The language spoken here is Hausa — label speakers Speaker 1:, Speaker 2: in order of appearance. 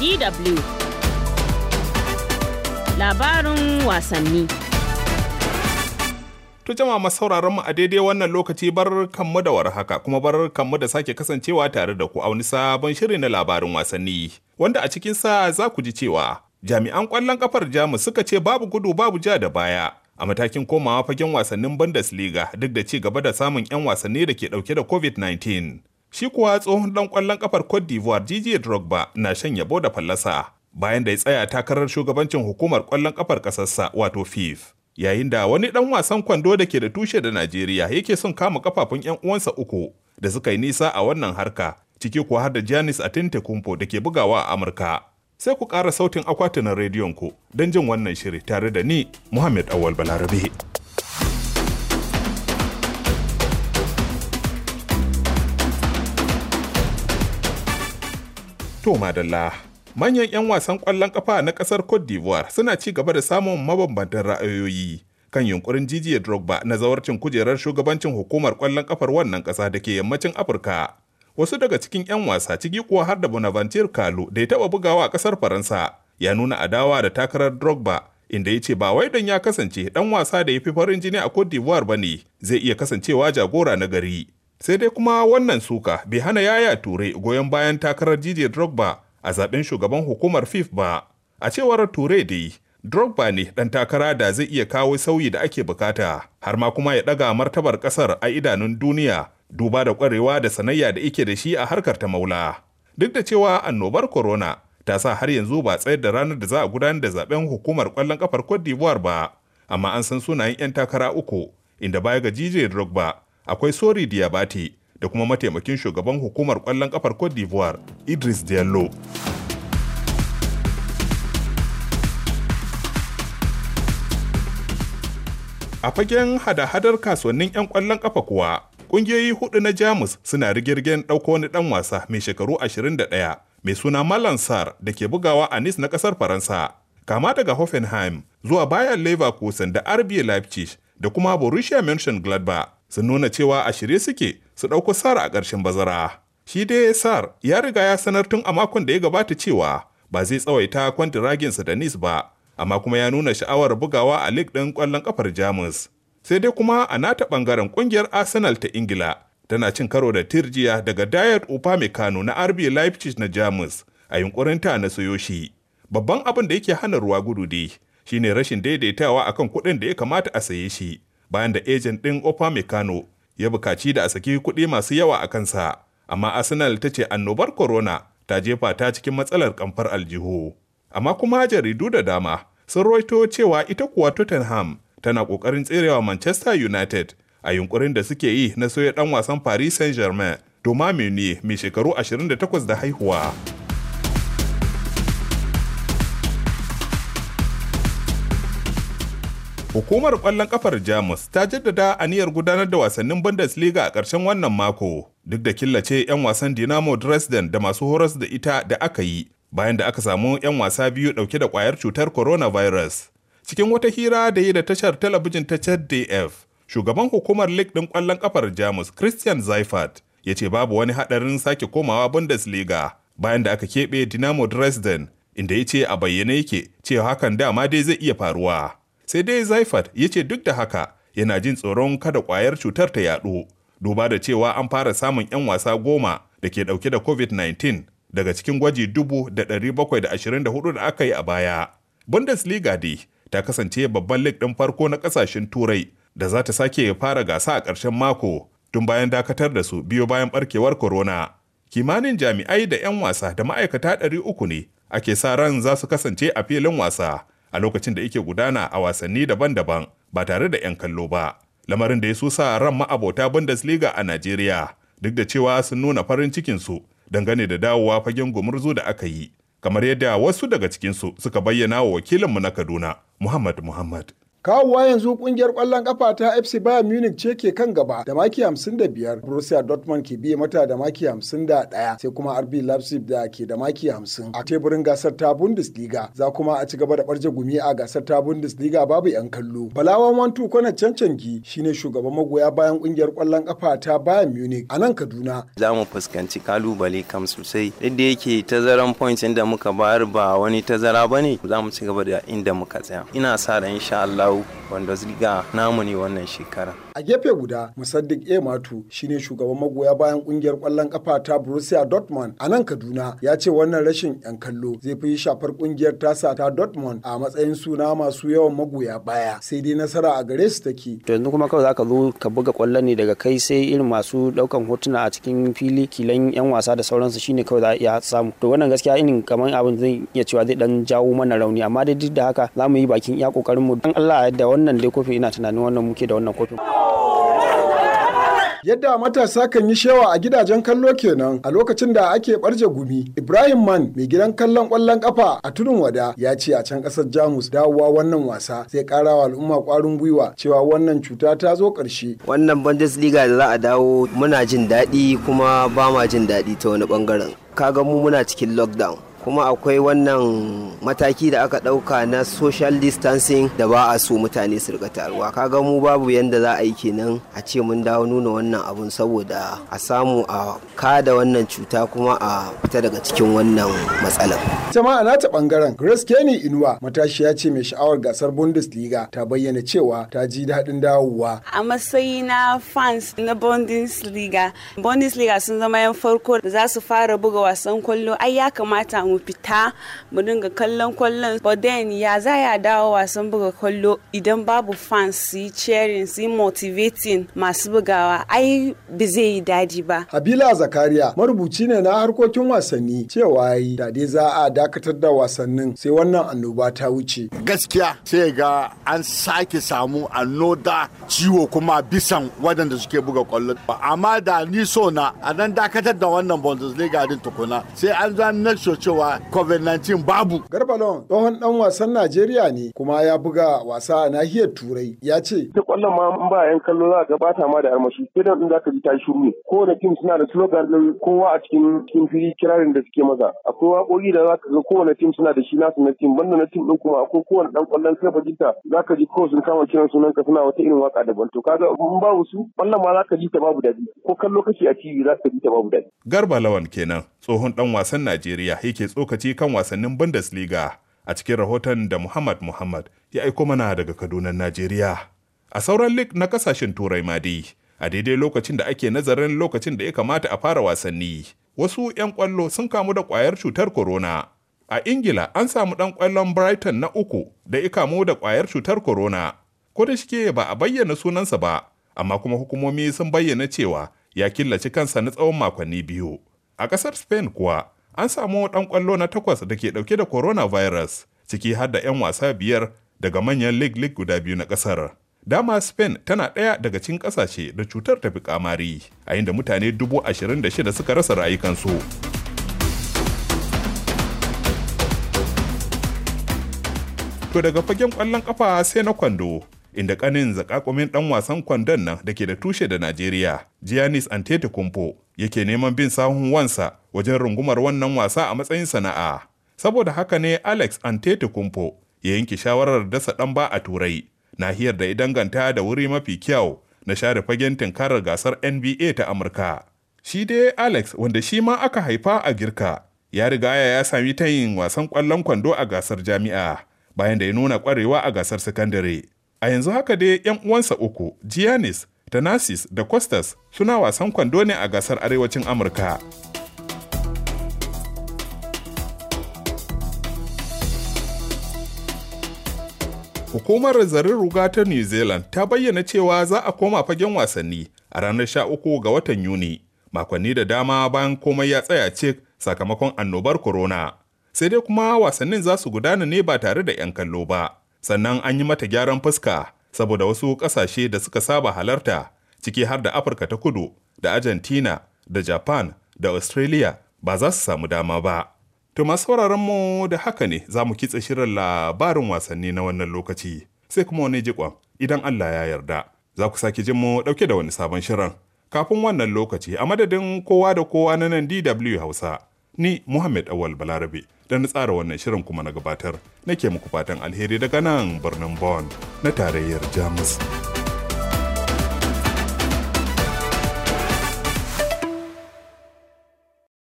Speaker 1: DW Labarin wasanni To jama'a masauraran mu a daidai wannan lokaci bar kanmu da warhaka kuma bar kanmu da sake kasancewa tare da ku a wani sabon shiri na labarin wasanni wanda a cikin sa za ku ji cewa jami'an ƙwallon kafar Jamus suka ce babu gudu babu ja da baya a matakin komawa fagen wasannin Bundesliga duk da ci gaba da samun 'yan wasanni da ke dauke da COVID-19. Shi kuwa tsohon ɗan ƙwallon ƙafar Cote d'Ivoire Didier Drogba na shan yabo da fallasa bayan da ya tsaya takarar shugabancin hukumar ƙwallon ƙafar ƙasarsa wato FIF. Yayin da wani ɗan wasan kwando da ke da tushe da Najeriya yake son kama kafafun 'yan uwansa uku da suka yi nisa a wannan harka ciki kuwa har da Giannis Antetokounmpo da ke bugawa a Amurka. Sai ku ƙara sautin akwatunan rediyon ku don jin wannan shiri tare da ni Muhammad Awal Balarabe. To madalla. Manyan 'yan wasan ƙwallon ƙafa na ƙasar Cote d'Ivoire suna ci gaba da samun mabambantan ra'ayoyi kan yunkurin jijiya Drogba na zawarcin kujerar shugabancin hukumar ƙwallon ƙafar wannan ƙasa da ke yammacin Afirka. Wasu daga cikin 'yan wasa ciki kuwa har da Bonaventure Kalu da ya taɓa bugawa a ƙasar Faransa ya nuna adawa da takarar Drogba inda ya ce ba wai don ya kasance ɗan wasa da ya fi farin jini a Cote d'Ivoire ba ne zai iya kasancewa jagora na gari. sai dai kuma wannan suka bai hana yaya ture goyon bayan takarar jije drogba a zaben shugaban hukumar fif ba a cewar ture dai drogba ne dan takara da zai iya kawo sauyi da ake bukata har ma kuma ya ɗaga martabar ƙasar a idanun duniya duba da kwarewa da sanayya da ike da shi a harkar ta maula duk da cewa annobar corona ta sa har yanzu ba tsayar da ranar da za a gudanar da zaben hukumar kwallon kafar cote d'ivoire ba amma an san sunayen 'yan takara uku inda baya ga jijiyar drogba akwai sori diabati da kuma mataimakin shugaban hukumar kwallon kafar cote d'ivoire idris diallo a fagen hada-hadar kasuwannin 'yan kwallon kafa kuwa ƙungiyoyi hudu na jamus suna rigirgen ɗauko wani ɗan wasa mai shekaru 21 mai suna malan sar da ke bugawa a nice na ƙasar faransa kama daga hoffenheim zuwa bayan leverkusen da rb leipzig da kuma borussia mönchengladbach sun nuna cewa a shirye suke su ɗauko sar a ƙarshen bazara shi dai sar ya riga ya sanar tun a makon da ya gabata cewa ba zai tsawaita kwantiraginsa da nis ba amma kuma ya nuna sha'awar bugawa a lig ɗin ƙwallon ƙafar jamus sai dai kuma a nata ɓangaren ƙungiyar arsenal ta ingila tana cin karo da tirjiya daga dayar upamecano na rb leipzig na jamus a yunƙurinta na sayo shi babban abin da yake hana ruwa gudu dai shine rashin daidaitawa akan kuɗin da ya kamata a saye shi bayan da ejen ɗin Opa Mekano ya bukaci da a saki kuɗi masu yawa a kansa, amma Arsenal ta ce annobar corona ta jefa ta cikin matsalar kamfar aljihu. Amma kuma jaridu da dama sun roito cewa ita kuwa Tottenham tana ƙoƙarin tserewa Manchester United a yunkurin da suke yi na soya ɗan wasan Paris Saint-Germain, Doma mai shekaru 28 da haihuwa. Hukumar ƙwallon ƙafar Jamus ta jaddada aniyar gudanar da wasannin Bundesliga a ƙarshen wannan mako, duk da killace 'yan wasan Dinamo Dresden da masu horas da ita da aka yi, bayan da aka samu 'yan wasa biyu ɗauke da ƙwayar cutar coronavirus. Cikin wata hira da yi da tashar talabijin ta ZDF, shugaban hukumar lig ɗin ƙwallon ƙafar Jamus Christian Zaifert ya ce babu wani haɗarin sake komawa Bundesliga bayan da aka keɓe Dinamo Dresden, inda ya ce a bayyane yake cewa hakan dama dai zai iya faruwa. sai dai zaifat ya ce duk da haka yana jin tsoron kada kwayar cutar ta yaɗu duba da cewa an fara samun 'yan wasa goma da ke ɗauke da covid-19 daga cikin gwaji dubu da ɗari bakwai da ashirin da hudu da aka yi a baya bundesliga dai ta kasance babban lig ɗin farko na ƙasashen turai da za ta sake fara gasa a ƙarshen mako tun bayan dakatar da su biyo bayan ɓarkewar corona kimanin jami'ai da 'yan wasa da ma'aikata ɗari uku ne ake sa ran za su kasance a filin wasa a lokacin da yake gudana a wasanni daban-daban ba tare da 'yan kallo ba lamarin da ya so sa ran ma'abota bundesliga a najeriya duk da cewa sun nuna farin cikinsu dangane da dawowa fagen gumurzu da aka yi kamar yadda wasu daga cikinsu suka bayyana wa wakilinmu na kaduna muhammad muhammad
Speaker 2: kawowa yanzu kungiyar kwallon kafa ta FC Bayern Munich ce ke kan gaba da maki 55 Borussia Dortmund ke biye mata da maki 51 sai kuma RB Leipzig da ke da maki 50 a teburin gasar ta Bundesliga za kuma a ci gaba da barje gumi a gasar ta Bundesliga babu yan kallo Balawan Wantu cancan gi shine shugaban magoya bayan kungiyar kwallon kafa ta Bayern Munich a nan Kaduna
Speaker 1: za mu fuskanci kalubale kam sosai duk da yake tazaran points inda muka bayar ba wani tazara bane za mu ci gaba da inda muka tsaya ina sa ran insha Allah know bundesliga namu ne wannan shekara
Speaker 2: a gefe guda musaddiq ematu shine shugaban magoya bayan kungiyar kwallon kafa ta borussia dortmund a nan kaduna ya ce wannan rashin yan kallo zai fi shafar kungiyar tasa ta dortmund a matsayin suna masu yawan magoya baya sai dai nasara a gare su take to yanzu kuma kawai zaka zo ka buga kwallon ne daga kai sai irin masu daukan hotuna a cikin fili kilan yan wasa da sauransu shine kawai za a iya samu to wannan gaskiya irin kamar abin zai iya cewa zai dan jawo mana rauni amma dai duk da haka za mu yi bakin iya kokarin mu dan Allah ya yarda wannan dai kofi ina tunanin wannan muke da wannan kofin. Yadda matasa kan yi shewa a gidajen kallo kenan a lokacin da ake barje gumi. Ibrahim Man mai gidan kallon kwallon kafa a tudun wada ya ce a can kasar Jamus dawowa wannan wasa zai kara wa al'umma kwarin gwiwa cewa wannan cuta ta zo karshe.
Speaker 1: Wannan Bundesliga da za a dawo muna jin daɗi kuma ba ma jin daɗi ta wani bangaren. Kaga mu muna cikin lockdown. kuma akwai wannan mataki da aka ɗauka na social distancing da ba a so mutane su rika taruwa kaga mu babu yanda za a yi kenan a ce mun dawo nuna wannan abun saboda a samu a kada wannan cuta kuma a fita daga cikin wannan matsalar.
Speaker 2: jama'a ma nata bangaren grace kenny inuwa matashiya ce mai sha'awar gasar bundesliga ta bayyana cewa ta ji daɗin dawowa
Speaker 1: a matsayi na fans na bundesliga bundesliga sun zama yan farko da za su fara buga wasan kwallo ai ya kamata mu fita mu dinga kallon kwallon but then ya za ya dawo wasan buga kwallo idan babu fans su yi cheering su yi motivating masu bugawa ai ba zai yi daɗi ba.
Speaker 2: Habila Zakariya marubuci ne na harkokin wasanni cewa yi dade za a dakatar da wasannin sai wannan annoba ta wuce. Gaskiya sai ga an sake samu annoda ciwo kuma bisan wadanda suke buga kwallo. Amma da ni so na a nan dakatar da wannan Bundesliga din tukuna sai an zan na cewa cewa covid-19 babu garbalon tsohon ɗan wasan najeriya ne kuma ya buga wasa a nahiyar turai ya ce ta kwallon ma ba yan kallo za ka bata ma da armashi sai dan za ka ji ta shuru ko da tim suna da slogan din kowa a cikin cikin fili kirarin da suke maza akwai waƙoƙi da za ka ga kowane tim suna da shi nasu na tim banda na tim din kuma akwai kowane dan kwallon ba jinta za ka ji kawai sun kama kiran sunan ka suna wata irin waka daban to kaga in babu su kwallon ma
Speaker 1: za ka ji ta babu daɗi ko kallo kashi a tv za ka ji ta babu daɗi garba lawan kenan tsohon dan wasan najeriya yake tsokaci kan wasannin Bundesliga a cikin rahoton da Muhammad Muhammad ya aiko mana daga Kaduna, Najeriya. A sauran lig na kasashen Turai Madi, a daidai lokacin da ake nazarin lokacin da ya kamata a fara wasanni, wasu 'yan kwallo sun kamu da kwayar cutar corona. A Ingila an samu ɗan kwallon Brighton na uku da ya kamu da kwayar cutar corona. Ko da shike ba a bayyana sunansa ba, amma kuma hukumomi sun bayyana cewa ya killaci kansa na tsawon makonni biyu. A ƙasar Spain kuwa, an samu ɗan ƙwallo na takwas da ke ɗauke da coronavirus ciki har da 'yan wasa biyar daga manyan league league guda biyu na ƙasar. Dama Spain tana ɗaya daga cikin ƙasashe da cutar tafi kamari, a inda mutane dubu ashirin da shida suka rasa rayukansu. To daga fagen ƙwallon ƙafa sai na kwando, inda ƙanin zakakumin ɗan wasan kwandon nan da ke da tushe da Najeriya, Giannis Antetokounmpo yake neman bin sahun wansa wajen rungumar wannan wasa a matsayin sana'a. Saboda haka ne Alex Antetokounmpo ya yanke shawarar dasa ɗan ba a Turai, nahiyar da ya danganta da wuri mafi kyau na share fagen tinkarar gasar NBA ta Amurka. Shi dai Alex wanda shi ma aka haifa a Girka, ya riga ya sami tayin wasan ƙwallon kwando a gasar jami'a, bayan da ya nuna ƙwarewa a gasar sakandare. A yanzu haka dai 'yan uwansa uku, Giannis, tanasis da Costas suna wasan kwando ne a gasar arewacin Amurka. Hukumar zarin ruga ta New Zealand ta bayyana cewa za a koma fagen wasanni a ranar 13 ga watan Yuni, makonni da dama bayan komai ya tsaya cik sakamakon annobar corona. Sai dai kuma wasannin za su gudana ne ba tare da 'yan kallo ba, sannan an yi mata gyaran fuska saboda wasu ƙasashe da suka saba halarta ciki har da Afirka ta kudu da Argentina da Japan da Australia ba za su samu dama ba. To masu sauraron mu da haka ne za mu kitse shirin labarin wasanni na wannan lokaci sai kuma wani jikon idan Allah ya yarda. Za ku sake jin mu ɗauke da wani sabon shirin. Kafin wannan lokaci a madadin kowa da kowa na nan DW Hausa. ni Muhammad Awal Balarabe da tsara wannan shirin kuma na gabatar nake muku fatan alheri daga nan birnin Bonn na tarayyar Jamus.